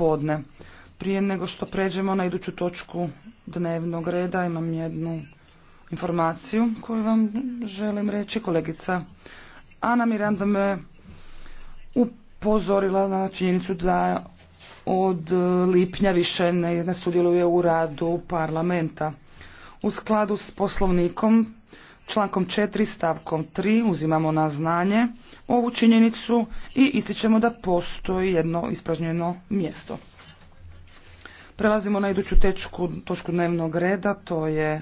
podne. Prije nego što pređemo na iduću točku dnevnog reda imam jednu informaciju koju vam želim reći. Kolegica Ana Miranda me upozorila na činjenicu da od lipnja više ne sudjeluje u radu parlamenta. U skladu s poslovnikom Člankom 4 stavkom 3 uzimamo na znanje ovu činjenicu i ističemo da postoji jedno ispražnjeno mjesto. Prelazimo na iduću tečku, točku dnevnog reda, to je